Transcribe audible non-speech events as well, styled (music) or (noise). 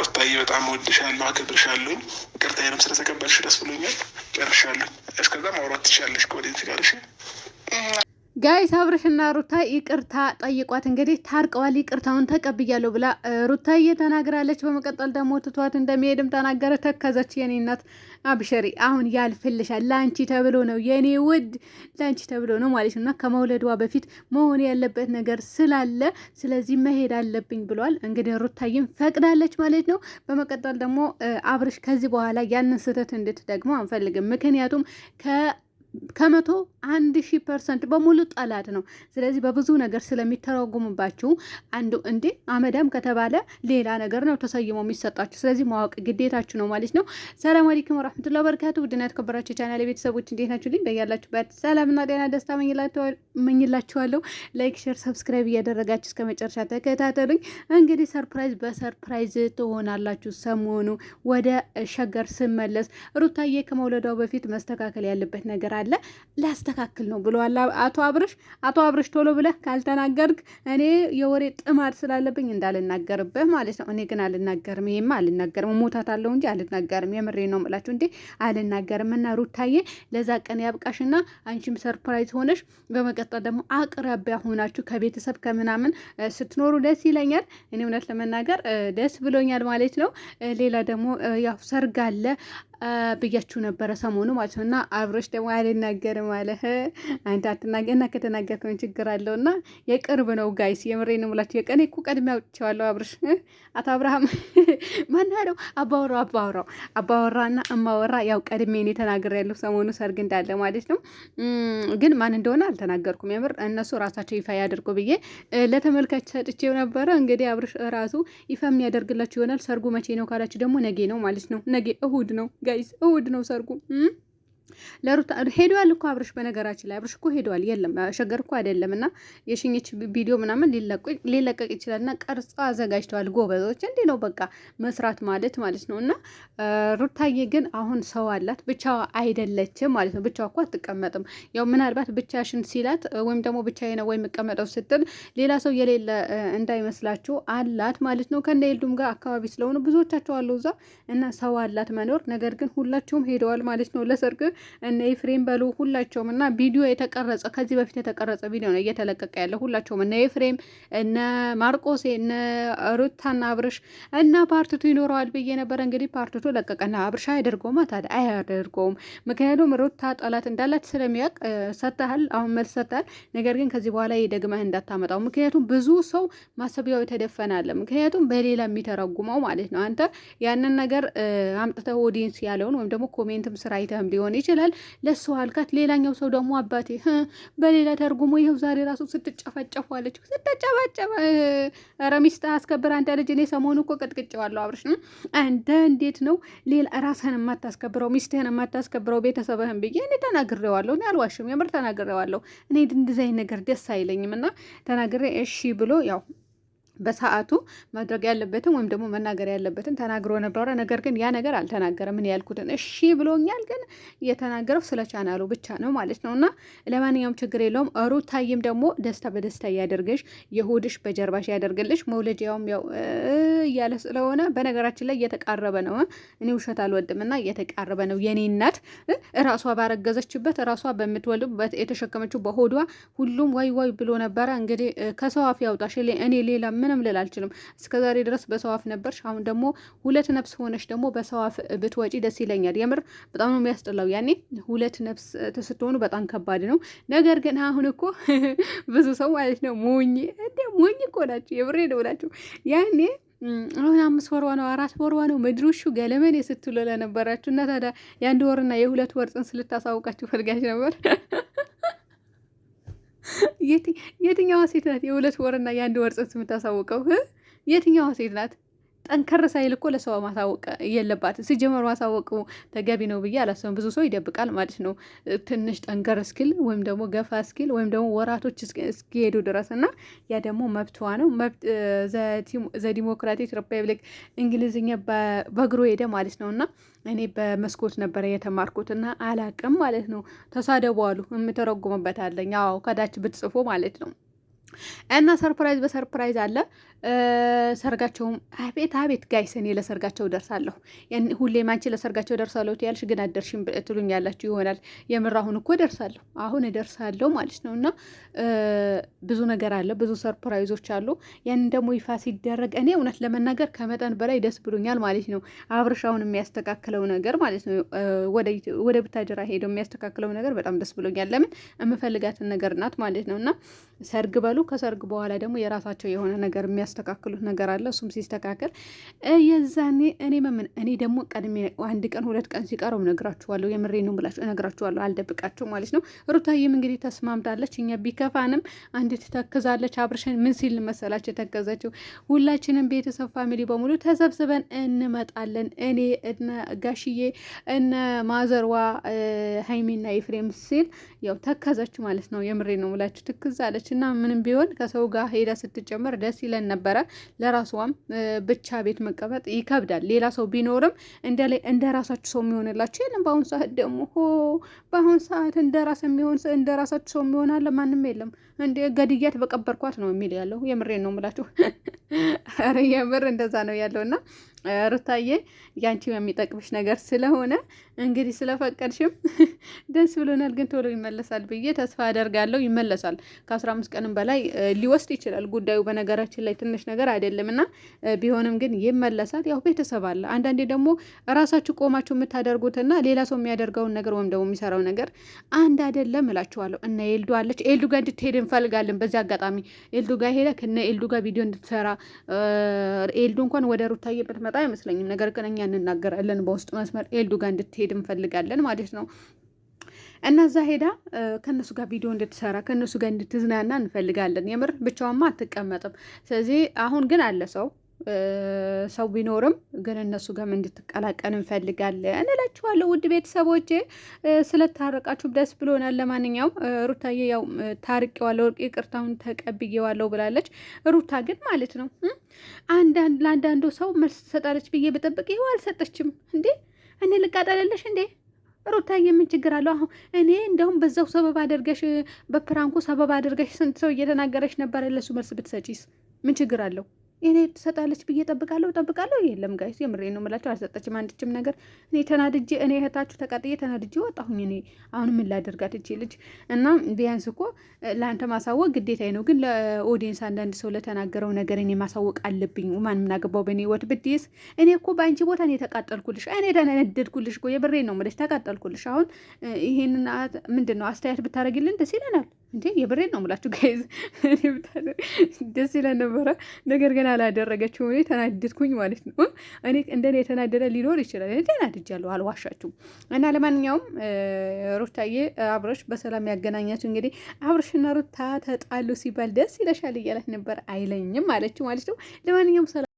ሩታዬ በጣም ወድሻለሁ፣ አከብርሻለሁኝ። ይቅርታዬንም ስለተቀበልሽ ደስ ብሎኛል። ጨርሻለሁ። እስከዛ ማውራት ትችላለሽ ከወደፊት ጋር ጋይስ አብርሽና ሩታ ይቅርታ ጠይቋት እንግዲህ ታርቀዋል። ይቅርታውን ተቀብያለሁ ብላ ሩታዬ ተናግራለች። በመቀጠል ደግሞ ትቷት እንደሚሄድም ተናገረ። ተከዘች። የኔ እናት አብሸሪ አሁን ያልፍልሻል። ለአንቺ ተብሎ ነው የኔ ውድ፣ ለአንቺ ተብሎ ነው ማለት ነውና ከመውለዷ በፊት መሆን ያለበት ነገር ስላለ ስለዚህ መሄድ አለብኝ ብሏል። እንግዲህ ሩታዬም ፈቅዳለች ማለት ነው። በመቀጠል ደግሞ አብርሽ ከዚህ በኋላ ያንን ስህተት እንድትደግመው አንፈልግም። ምክንያቱም ከ ከመቶ አንድ ሺህ ፐርሰንት በሙሉ ጠላት ነው። ስለዚህ በብዙ ነገር ስለሚተረጉሙባችሁ አንዱ እንዴ አመዳም ከተባለ ሌላ ነገር ነው ተሰይሞ የሚሰጣችሁ። ስለዚህ ማወቅ ግዴታችሁ ነው ማለት ነው። ሰላም አለይኩም ወራህመቱላሂ በረካቱ ውድና የተከበራችሁ ቻናል ቤተሰቦች እንዴት ናችሁ? ልኝ በያላችሁበት ሰላምና ጤና ደስታ መኝላችኋለሁ። ላይክ፣ ሼር፣ ሰብስክራይብ እያደረጋችሁ እስከ መጨረሻ ተከታተሉኝ። እንግዲህ ሰርፕራይዝ በሰርፕራይዝ ትሆናላችሁ። ሰሞኑ ወደ ሸገር ስመለስ ሩታዬ ከመውለዷ በፊት መስተካከል ያለበት ነገር አለ ስላለ ላስተካክል ነው ብለዋል አቶ አብርሽ። አቶ አብርሽ ቶሎ ብለህ ካልተናገርክ እኔ የወሬ ጥማድ ስላለብኝ እንዳልናገርብህ ማለት ነው። እኔ ግን አልናገርም፣ ይህም አልናገርም፣ ሞታት አለው እንጂ አልናገርም። የምሬ ነው ምላችሁ እንዴ አልናገርም። እና ሩታዬ ለዛ ቀን ያብቃሽና አንቺም ሰርፕራይዝ ሆነሽ በመቀጠል ደግሞ አቅራቢያ ሆናችሁ ከቤተሰብ ከምናምን ስትኖሩ ደስ ይለኛል። እኔ እውነት ለመናገር ደስ ብሎኛል ማለት ነው። ሌላ ደግሞ ያው ሰርግ አለ ብያችሁ ነበረ ሰሞኑ ማለት ነው። እና አብሮች ደግሞ አልናገርም አለ አንተ አትናገር እና ከተናገር ከሆነ ችግር አለው እና የቅርብ ነው ጋይስ፣ የምሬ ነው የምላችሁ። የቀኔ እኮ ቀድሜ አውጥቼዋለሁ። አብርሽ አቶ አብርሃም (laughs) ማን ያለው? አባወራው አባወራው አባወራና እማወራ ያው ቀድሜ እኔ ያለሁ ሰሞኑ ሰርግ እንዳለ ማለት ነው። ግን ማን እንደሆነ አልተናገርኩም። የምር እነሱ ራሳቸው ይፋ ያደርጉ ብዬ ለተመልካች ሰጥቼው ነበረ። እንግዲህ አብርሽ ራሱ ይፋ የሚያደርግላችሁ ይሆናል። ሰርጉ መቼ ነው ካላችሁ ደግሞ ነጌ ነው ማለት ነው። ነጌ እሁድ ነው ጋይስ እውድ ነው ሰርጉ። ለሩታ ሄዷል እኮ አብርሽ። በነገራችን ላይ አብርሽ እኮ ሄዷል። የለም ሸገር እኮ አይደለም። እና የሽኝች ቪዲዮ ምናምን ሊለቀቅ ይችላል። እና ቀርጾ አዘጋጅተዋል ጎበዞች። እንዲህ ነው በቃ መስራት ማለት ማለት ነው። እና ሩታዬ ግን አሁን ሰው አላት፣ ብቻዋ አይደለችም ማለት ነው። ብቻዋ እኮ አትቀመጥም። ያው ምናልባት ብቻሽን ሲላት ወይም ደግሞ ብቻዬ ነው ወይም የምቀመጠው ስትል ሌላ ሰው የሌለ እንዳይመስላችሁ አላት ማለት ነው። ከነ የልዱም ጋር አካባቢ ስለሆኑ ብዙዎቻቸው አለው እዛ እና ሰው አላት መኖር። ነገር ግን ሁላችሁም ሄደዋል ማለት ነው ለሰርግ እነ ኤፍሬም በሉ ሁላቸውም እና ቪዲዮ የተቀረጸ ከዚህ በፊት የተቀረጸ ቪዲዮ ነው እየተለቀቀ ያለ ሁላቸውም እነ ኤፍሬም እነ ማርቆሴ እነ ሩታና አብርሽ እና ፓርቲቱ ይኖረዋል ብዬ ነበረ። እንግዲህ ፓርቲቱ ለቀቀና አብርሽ አያደርገውም ታዲያ አያደርገውም። ምክንያቱም ሩታ ጠላት እንዳላት ስለሚያውቅ ሰጥተሃል፣ አሁን መልስ ሰጥተሃል። ነገር ግን ከዚህ በኋላ የደግመህ እንዳታመጣው። ምክንያቱም ብዙ ሰው ማሰቢያው የተደፈናለ ምክንያቱም በሌላ የሚተረጉመው ማለት ነው። አንተ ያንን ነገር አምጥተህ ኦዲንስ ያለውን ወይም ደግሞ ኮሜንትም ስራ አይተህም ሊሆን ይችላል ይችላል። ለሱ አልካት። ሌላኛው ሰው ደግሞ አባቴ በሌላ ተርጉሞ ይኸው ዛሬ ራሱ ስትጨፈጨፉ አለች። ስትጨፈጨፈ ኧረ ሚስት አስከብር አንተ ልጅ። እኔ ሰሞኑ እኮ ቀጥቅጬዋለሁ አብርሽ። እንደ እንዴት ነው ሌላ ራስህን የማታስከብረው ሚስትህን የማታስከብረው ቤተሰብህን ብዬ እኔ ተናግሬዋለሁ። እኔ አልዋሽም፣ የምር ተናግሬዋለሁ። እኔ እንደዚህ ነገር ደስ አይለኝም እና ተናግሬ እሺ ብሎ ያው በሰዓቱ ማድረግ ያለበትን ወይም ደግሞ መናገር ያለበትን ተናግሮ ነበረ። ነገር ግን ያ ነገር አልተናገረም። ምን ያልኩትን እሺ ብሎኛል፣ ግን የተናገረው ስለ ቻናሉ ብቻ ነው ማለት ነው። እና ለማንኛውም ችግር የለውም። ሩታይም ደግሞ ደስታ በደስታ እያደርግሽ፣ የሆድሽ በጀርባሽ ያደርግልሽ። መውለጃውም ያው እያለ ስለሆነ በነገራችን ላይ እየተቃረበ ነው። እኔ ውሸት አልወድም እና እየተቃረበ ነው። የኔ እናት እራሷ ባረገዘችበት እራሷ በምትወልድበት የተሸከመችው በሆዷ ሁሉም ወይ ወይ ብሎ ነበረ። እንግዲህ ከሰው አፍ ያውጣሽ። እኔ ሌላ ምንም ልል አልችልም። እስከዛሬ ድረስ በሰው አፍ ነበርሽ፣ አሁን ደግሞ ሁለት ነፍስ ሆነሽ ደግሞ በሰው አፍ ብትወጪ ደስ ይለኛል። የምር በጣም ነው የሚያስጠላው። ያኔ ሁለት ነፍስ ስትሆኑ በጣም ከባድ ነው። ነገር ግን አሁን እኮ (laughs) ብዙ ሰው ማለት ነው ሞኝ እንደ ሞኝ እኮ ናቸው። የምሬ ነው ናቸው ያኔ አሁን አምስት ወርዋ ነው አራት ወርዋ ነው ምድሩሹ ገለመኔ ስትሉ ለነበራችሁ እና ታዲያ የአንድ ወርና የሁለት ወር ጽንስ ልታሳውቃችሁ ፈልጋችሁ ነበር። (laughs) የትኛዋ ሴት ናት የሁለት ወርና የአንድ ወር ጽንስ የምታሳውቀው? የትኛዋ ሴት ናት? ጠንከር ሳይል እኮ ለሰው ማሳወቅ የለባት። ሲጀመር ማሳወቁ ተገቢ ነው ብዬ አላሰብም። ብዙ ሰው ይደብቃል ማለት ነው። ትንሽ ጠንከር እስኪል ወይም ደግሞ ገፋ እስኪል ወይም ደግሞ ወራቶች እስኪሄዱ ድረስ እና ያ ደግሞ መብቷ ነው። ዘዲሞክራቲክ ሪፐብሊክ እንግሊዝኛ በእግሩ ሄደ ማለት ነው እና እኔ በመስኮት ነበረ የተማርኩት እና አላቅም ማለት ነው። ተሳደቡ አሉ የምተረጉምበት አለኝ። አዎ ከዳች ብትጽፎ ማለት ነው እና ሰርፕራይዝ በሰርፕራይዝ አለ ሰርጋቸውም። አቤት አቤት ጋይስ እኔ ለሰርጋቸው ደርሳለሁ። ሁሌም አንቺ ለሰርጋቸው ደርሳለሁ ያልሽ ግን አደርሽም ያላችሁ ይሆናል። የምር አሁን እኮ ደርሳለሁ፣ አሁን እደርሳለሁ ማለት ነው። እና ብዙ ነገር አለ፣ ብዙ ሰርፕራይዞች አሉ። ያንን ደግሞ ይፋ ሲደረግ እኔ እውነት ለመናገር ከመጠን በላይ ደስ ብሎኛል ማለት ነው። አሁን የሚያስተካክለው ነገር ማለት ነው፣ ወደ ብታጀራ ሄደው የሚያስተካክለው ነገር በጣም ደስ ብሎኛል። ለምን የምፈልጋትን ነገር ናት ማለት ነው እና ሰርግ በሉ። ከሰርግ በኋላ ደግሞ የራሳቸው የሆነ ነገር የሚያስተካክሉት ነገር አለ። እሱም ሲስተካከል የዛኔ እኔ መምን እኔ ደግሞ ቀድሜ አንድ ቀን ሁለት ቀን ሲቀረው እነግራችኋለሁ። የምሬ ነው ብላችሁ እነግራችኋለሁ። አልደብቃችሁ ማለት ነው። ሩታዬም እንግዲህ ተስማምታለች። እኛ ቢከፋንም አንድ ትተክዛለች። አብርሽን ምን ሲል መሰላችሁ የተከዘችው? ሁላችንም ቤተሰብ ፋሚሊ በሙሉ ተሰብስበን እንመጣለን። እኔ እነ ጋሽዬ እነ ማዘርዋ ሀይሚና ኤፍሬም ሲል ያው ተከዘች ማለት ነው። የምሬ ነው ብላችሁ ትክዛለች ነበረች እና ምንም ቢሆን ከሰው ጋር ሄዳ ስትጨመር ደስ ይለን ነበረ። ለራሷም ብቻ ቤት መቀመጥ ይከብዳል። ሌላ ሰው ቢኖርም እንደ ራሳችሁ ሰው የሚሆንላችሁ የለም። በአሁኑ ሰዓት ደግሞ ሆ በአሁኑ ሰዓት እንደ ራስ የሚሆን እንደ ራሳችሁ ሰው የሚሆናለ ማንም የለም። እንደ ገድያት በቀበርኳት ነው የሚል ያለው። የምሬን ነው የምላችሁ። (laughs) ኧረ የምር እንደዛ ነው ያለውና ሩታዬ ያንቺ የሚጠቅምሽ ነገር ስለሆነ እንግዲህ ስለፈቀድሽም (laughs) ደስ ብሎናል። ግን ቶሎ ይመለሳል ብዬ ተስፋ አደርጋለሁ። ይመለሳል። ከአስራ አምስት ቀንም በላይ ሊወስድ ይችላል ጉዳዩ በነገራችን ላይ ትንሽ ነገር አይደለም እና ቢሆንም ግን ይመለሳል። ያው ቤተሰብ አለ። አንዳንዴ ደግሞ ራሳችሁ ቆማችሁ የምታደርጉትና ሌላ ሰው የሚያደርገውን ነገር ወይም ደግሞ የሚሰራው ነገር አንድ አይደለም እላችኋለሁ። እነ ኤልዱ አለች። ኤልዱ ጋር እንድትሄድ እንፈልጋለን። በዚህ አጋጣሚ ኤልዱ ጋር ሄደ ከነ ኤልዱ ጋር ቪዲዮ እንድትሰራ ኤልዱ እንኳን ወደ ሩታዬ ብትመጣ የሚመጣ አይመስለኝም። ነገር ግን እኛ እንናገራለን በውስጥ መስመር ኤልዱ ጋር እንድትሄድ እንፈልጋለን ማለት ነው። እና እዛ ሄዳ ከእነሱ ጋር ቪዲዮ እንድትሰራ ከእነሱ ጋር እንድትዝናና እንፈልጋለን። የምር ብቻዋማ አትቀመጥም። ስለዚህ አሁን ግን አለ ሰው ሰው ቢኖርም ግን እነሱ ጋርም እንድትቀላቀል እንፈልጋለን እንላችኋለሁ። ውድ ቤተሰቦቼ ስለታረቃችሁ ደስ ብሎናል። ለማንኛውም ሩታዬ ያው ታርቄዋለሁ፣ ይቅርታውን ተቀብዬዋለሁ ብላለች። ሩታ ግን ማለት ነው አንዳንድ ለአንዳንዱ ሰው መልስ ትሰጣለች ብዬ ብጠብቅ ይኸው አልሰጠችም እንዴ እኔ ልቃጠለለሽ እንዴ ሩታዬ ምን ችግር አለው አሁን እኔ እንደውም በዛው ሰበብ አድርገሽ በፕራንኩ ሰበብ አድርገሽ ስንት ሰው እየተናገረሽ ነበር ለሱ መልስ ብትሰጪስ ምን ችግር አለው እኔ ትሰጣለች ብዬ ጠብቃለሁ ጠብቃለሁ። የለም ጋይስ፣ የምሬ ነው የምላቸው፣ አልሰጠችም አንድችም ነገር። እኔ ተናድጄ እኔ እህታችሁ ተቃጥዬ ተናድጄ ወጣሁኝ። እኔ አሁን ምን ላደርጋት እቺ ልጅ እና ቢያንስ እኮ ለአንተ ማሳወቅ ግዴታዬ ነው፣ ግን ለኦዲየንስ አንዳንድ ሰው ለተናገረው ነገር እኔ ማሳወቅ አለብኝ። ማን ምናገባው በእኔ ወት ብድስ። እኔ እኮ በአንቺ ቦታ እኔ ተቃጠልኩልሽ፣ እኔ ተነደድኩልሽ እኮ የምሬ ነው የምልሽ፣ ተቃጠልኩልሽ። አሁን ይሄንን ምንድን ነው አስተያየት ብታደርግልን ደስ ይለናል። እንዴ የብሬን ነው የምላችሁ ጋይዝ፣ ደስ ይለን ነበረ። ነገር ግን አላደረገችው። እኔ ተናድድኩኝ ማለት ነው። እኔ እንደኔ የተናደደ ሊኖር ይችላል። እኔ ተናድጃለሁ፣ አልዋሻችሁም። እና ለማንኛውም ሩታዬ፣ አብረሽ በሰላም ያገናኛችሁ። እንግዲህ አብረሽና ሩታ ተጣሉ ሲባል ደስ ይለሻል እያላት ነበር። አይለኝም አለችው ማለት ነው። ለማንኛውም ሰላም